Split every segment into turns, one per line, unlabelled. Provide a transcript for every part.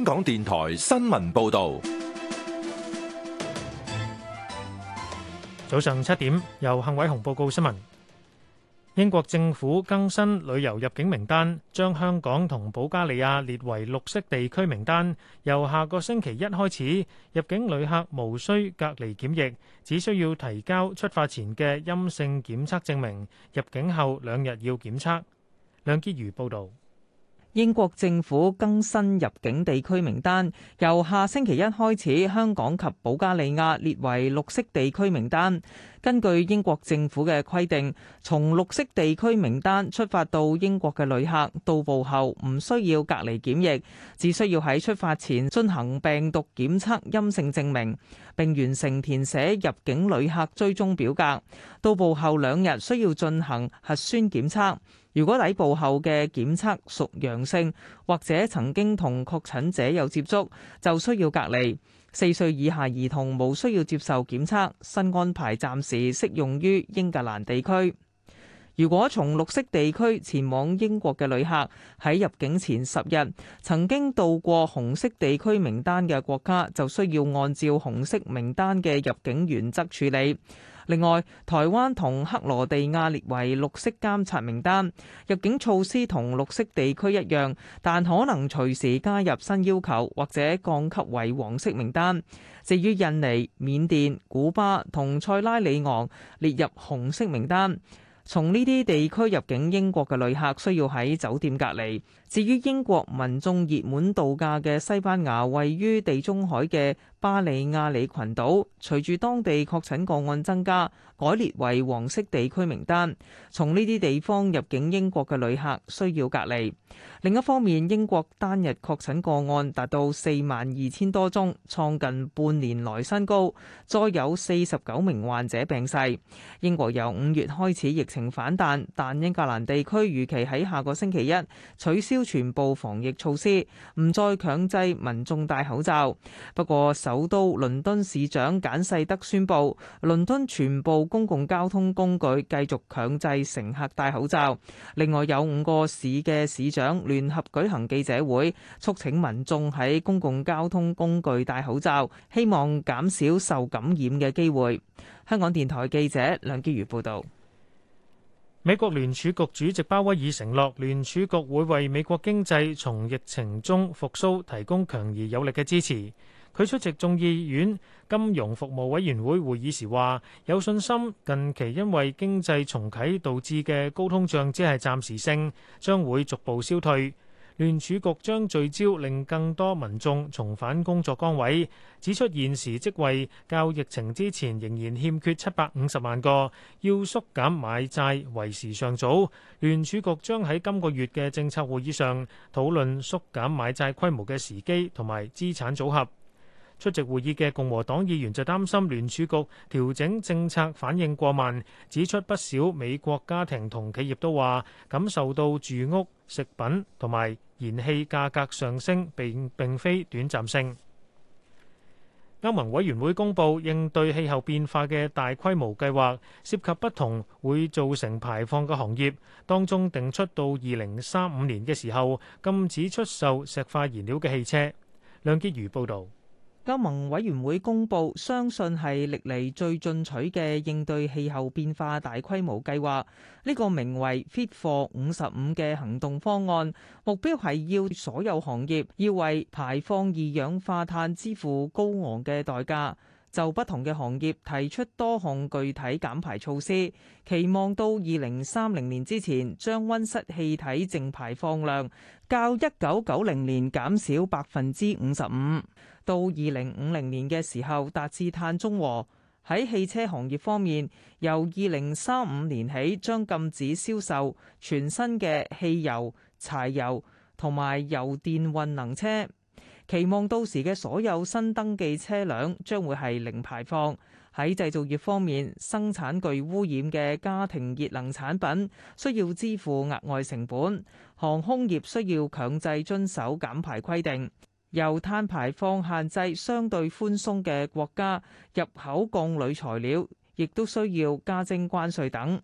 香港電台新聞報道：早上七點，由幸偉雄報告新聞。英國政府更新旅遊入境名單，將香港同保加利亞列為綠色地區名單。由下個星期一開始，入境旅客無需隔離檢疫，只需要提交出發前嘅陰性檢測證明。入境後兩日要檢測。梁潔瑜報道。英國政府更新入境地區名單，
由下星期一開始，香港及保加利亞列為綠色地區名單。根據英國政府嘅規定，從綠色地區名單出發到英國嘅旅客，到步後唔需要隔離檢疫，只需要喺出發前進行病毒檢測陰性證明，並完成填寫入境旅客追蹤表格。到步後兩日需要進行核酸檢測。如果抵埗後嘅檢測屬陽性，或者曾經同確診者有接觸，就需要隔離。四歲以下兒童無需要接受檢測，新安排暫時適用於英格蘭地區。如果從綠色地區前往英國嘅旅客喺入境前十日曾經到過紅色地區名單嘅國家，就需要按照紅色名單嘅入境原則處理。另外，台灣同克羅地亞列為綠色監察名單，入境措施同綠色地區一樣，但可能隨時加入新要求或者降級為黃色名單。至於印尼、緬甸、古巴同塞拉利昂列入紅色名單。從呢啲地區入境英國嘅旅客需要喺酒店隔離。至於英國民眾熱門度假嘅西班牙，位於地中海嘅。巴里亞里群島隨住當地確診個案增加，改列為黃色地區名單。從呢啲地方入境英國嘅旅客需要隔離。另一方面，英國單日確診個案達到四萬二千多宗，創近半年來新高，再有四十九名患者病逝。英國由五月開始疫情反彈，但英格蘭地區預期喺下個星期一取消全部防疫措施，唔再強制民眾戴口罩。不過，首都倫敦市長簡世德宣布，倫敦全部公共交通工具繼續強制乘客戴口罩。另外，有五個市嘅市長聯合舉行記者會，促請民眾喺公共交通工具戴口罩，希望減少受感染嘅機會。香港
電台記者梁基如報導。美國聯儲局主席鮑威爾承諾，聯儲局會為美國經濟從疫情中復甦提供強而有力嘅支持。佢出席眾議院金融服務委員會會議時話有信心近期因為經濟重啟導致嘅高通脹只係暫時性，將會逐步消退。聯儲局將聚焦令更多民眾重返工作崗位，指出現時職位較疫情之前仍然欠缺七百五十萬個，要縮減買債為時尚早。聯儲局將喺今個月嘅政策會議上討論縮減買債規模嘅時機同埋資產組合。出席會議嘅共和黨議員就擔心聯儲局調整政策反應過慢，指出不少美國家庭同企業都話感受到住屋、食品同埋燃氣價格上升並並非短暫性。歐盟委員會公佈應對氣候變化嘅大規模計劃，涉及不同會造成排放嘅行業，當中定出到二零三五年嘅時候禁止出售石化燃料嘅汽車。梁潔如報導。歐盟委員會公布相信係歷嚟最進取嘅
應對氣候變化大規模計劃呢、這個名為 Fit for 五十五嘅行動方案，目標係要所有行業要為排放二氧化碳支付高昂嘅代價，就不同嘅行業提出多項具體減排措施，期望到二零三零年之前將溫室氣體淨排放量。較一九九零年減少百分之五十五，到二零五零年嘅時候達至碳中和。喺汽車行業方面，由二零三五年起將禁止銷售全新嘅汽油、柴油同埋油電混能車，期望到時嘅所有新登記車輛將會係零排放。喺製造業方面，生產具污染嘅家庭熱能產品需要支付額外成本；航空業需要強制遵守減排規定；由碳排放限制相對寬鬆嘅國家入口鋼鋁材料，亦都需要加徵關稅等。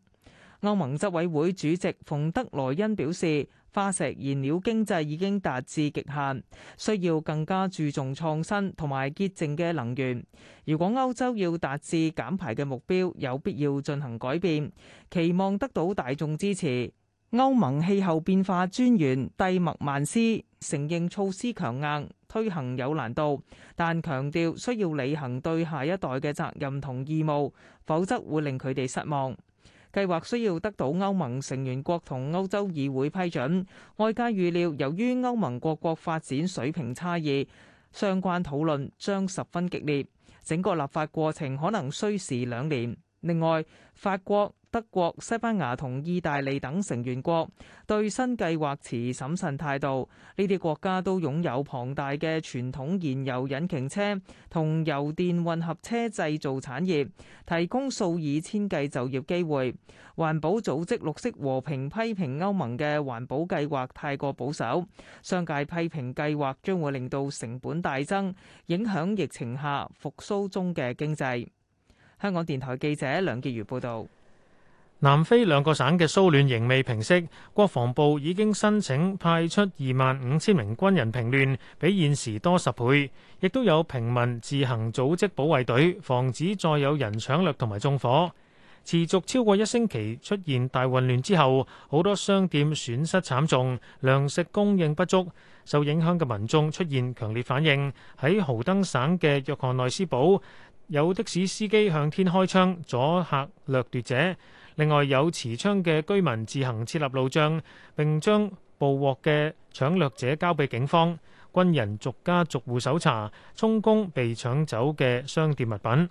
歐盟執委會主席馮德萊恩表示：化石燃料經濟已經達至極限，需要更加注重創新同埋潔淨嘅能源。如果歐洲要達至減排嘅目標，有必要進行改變，期望得到大眾支持。歐盟氣候變化專員蒂麥曼斯承認措施強硬，推行有難度，但強調需要履行對下一代嘅責任同義務，否則會令佢哋失望。計劃需要得到歐盟成員國同歐洲議會批准。外界預料，由於歐盟各國發展水平差異，相關討論將十分激烈，整個立法過程可能需時兩年。另外，法國、德國、西班牙同意大利等成員國對新計劃持審慎態度。呢啲國家都擁有龐大嘅傳統燃油引擎車同油電混合車製造產業，提供數以千計就業機會。環保組織綠,綠色和平批評歐盟嘅環保計劃太過保守，商界批評計劃將會令到成本大增，影響疫情下復甦中嘅經濟。香港電台記者
梁潔如報導。南非兩個省嘅騷亂仍未平息，國防部已經申請派出二萬五千名軍人平亂，比現時多十倍。亦都有平民自行組織保衛隊，防止再有人搶掠同埋縱火。持續超過一星期出現大混亂之後，好多商店損失慘重，糧食供應不足，受影響嘅民眾出現強烈反應。喺豪登省嘅約翰內斯堡，有的士司機向天開槍，阻嚇掠奪者。另外有持槍嘅居民自行設立路障，並將捕獲嘅搶掠者交俾警方。軍人逐家逐戶搜查，充公被搶走嘅商店物品。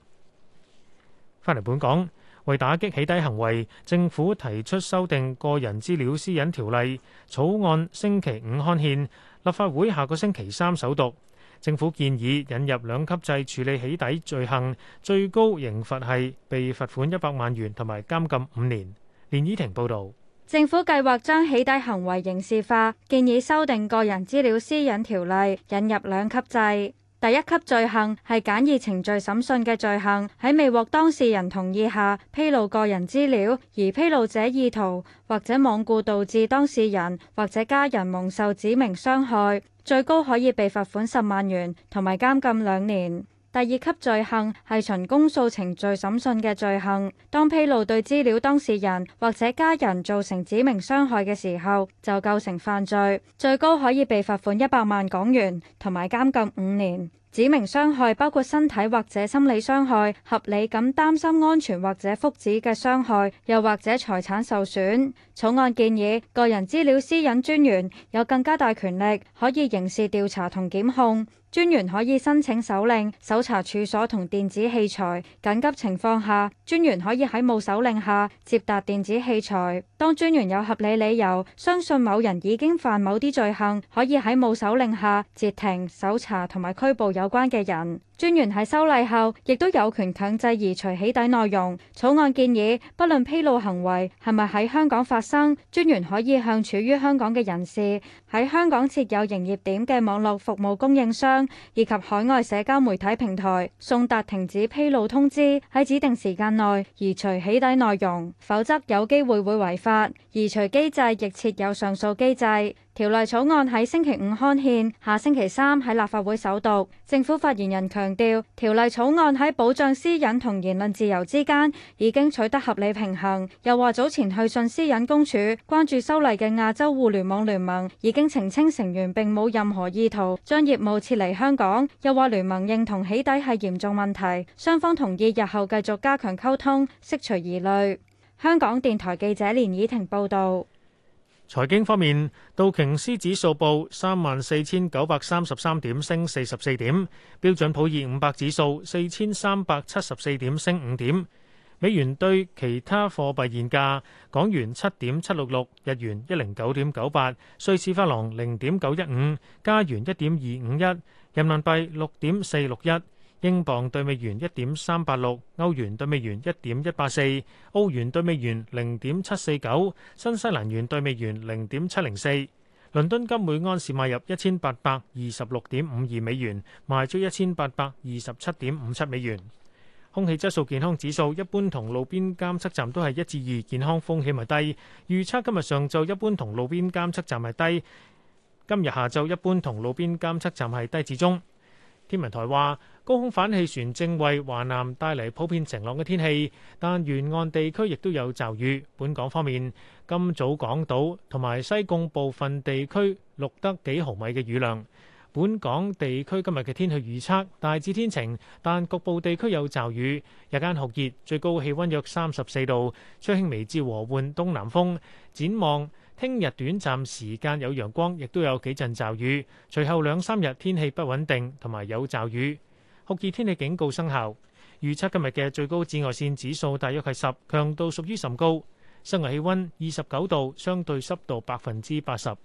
翻嚟本港，為打擊起底行為，政府提出修訂個人資料私隱條例草案，星期五刊憲，立法會下個星期三首讀。政府建議引入兩級制處理起底罪行，最高刑罰係被罰款一百萬元，同埋監禁五年。連依婷報道。
政府計劃將起底行為刑事化，建議修訂個人資料私隱條例，引入兩級制。第一級罪行係簡易程序審訊嘅罪行，喺未獲當事人同意下披露個人資料，而披露者意圖或者罔顧導致當事人或者家人蒙受指明傷害，最高可以被罰款十萬元同埋監禁兩年。第二級罪行係循公訴程序審訊嘅罪行，當披露對資料當事人或者家人造成指明傷害嘅時候，就構成犯罪，最高可以被罰款一百萬港元同埋監禁五年。指明傷害包括身體或者心理傷害，合理咁擔心安全或者福祉嘅傷害，又或者財產受損。草案建議個人資料私隱專員有更加大權力，可以刑事調查同檢控。專員可以申請手令搜查處所同電子器材，緊急情況下，專員可以喺無手令下接達電子器材。當專員有合理理由相信某人已經犯某啲罪行，可以喺無手令下截停、搜查同埋拘捕有有關嘅人，專員喺修例後亦都有權強制移除起底內容。草案建議，不論披露行為係咪喺香港發生，專員可以向處於香港嘅人士、喺香港設有營業點嘅網絡服務供應商以及海外社交媒體平台送達停止披露通知，喺指定時間內移除起底內容，否則有機會會違法。移除機制亦設有上訴機制。條例草案喺星期五刊憲，下星期三喺立法會首讀。政府發言人強調，條例草案喺保障私隱同言論自由之間已經取得合理平衡。又話早前去信私隱公署，關注修例嘅亞洲互聯網聯盟已經澄清成員並冇任何意圖將業務撤離香港。又話聯盟認同起底係嚴重問題，雙方同意日後繼續加強溝通，釋除疑慮。香港電台記者連以婷報道。
財經方面，道瓊斯指數報三萬四千九百三十三點，升四十四點；標準普爾五百指數四千三百七十四點，升五點。美元對其他貨幣現價：港元七點七六六，日元一零九點九八，瑞士法郎零點九一五，加元一點二五一，人民幣六點四六一。英鎊對美元一點三八六，歐元對美元一點一八四，澳元對美元零點七四九，新西蘭元對美元零點七零四。倫敦金每安士買入一千八百二十六點五二美元，賣出一千八百二十七點五七美元。空氣質素健康指數一般，同路邊監測站都係一至二，健康風險係低。預測今日上晝一般同路邊監測站係低，今日下晝一般同路邊監測站係低至中。天文台話。高空反氣旋正為華南帶嚟普遍晴朗嘅天氣，但沿岸地區亦都有驟雨。本港方面，今早港島同埋西貢部分地區錄得幾毫米嘅雨量。本港地區今日嘅天氣預測大致天晴，但局部地區有驟雨。日間酷熱，最高氣温約三十四度，吹輕微至和緩東南風。展望聽日短暫時間有陽光，亦都有幾陣驟雨，隨後兩三日天氣不穩定，同埋有驟雨。酷熱天氣警告生效，預測今日嘅最高紫外線指數大約係十，強度屬於甚高。室外氣温二十九度，相對濕度百分之八十。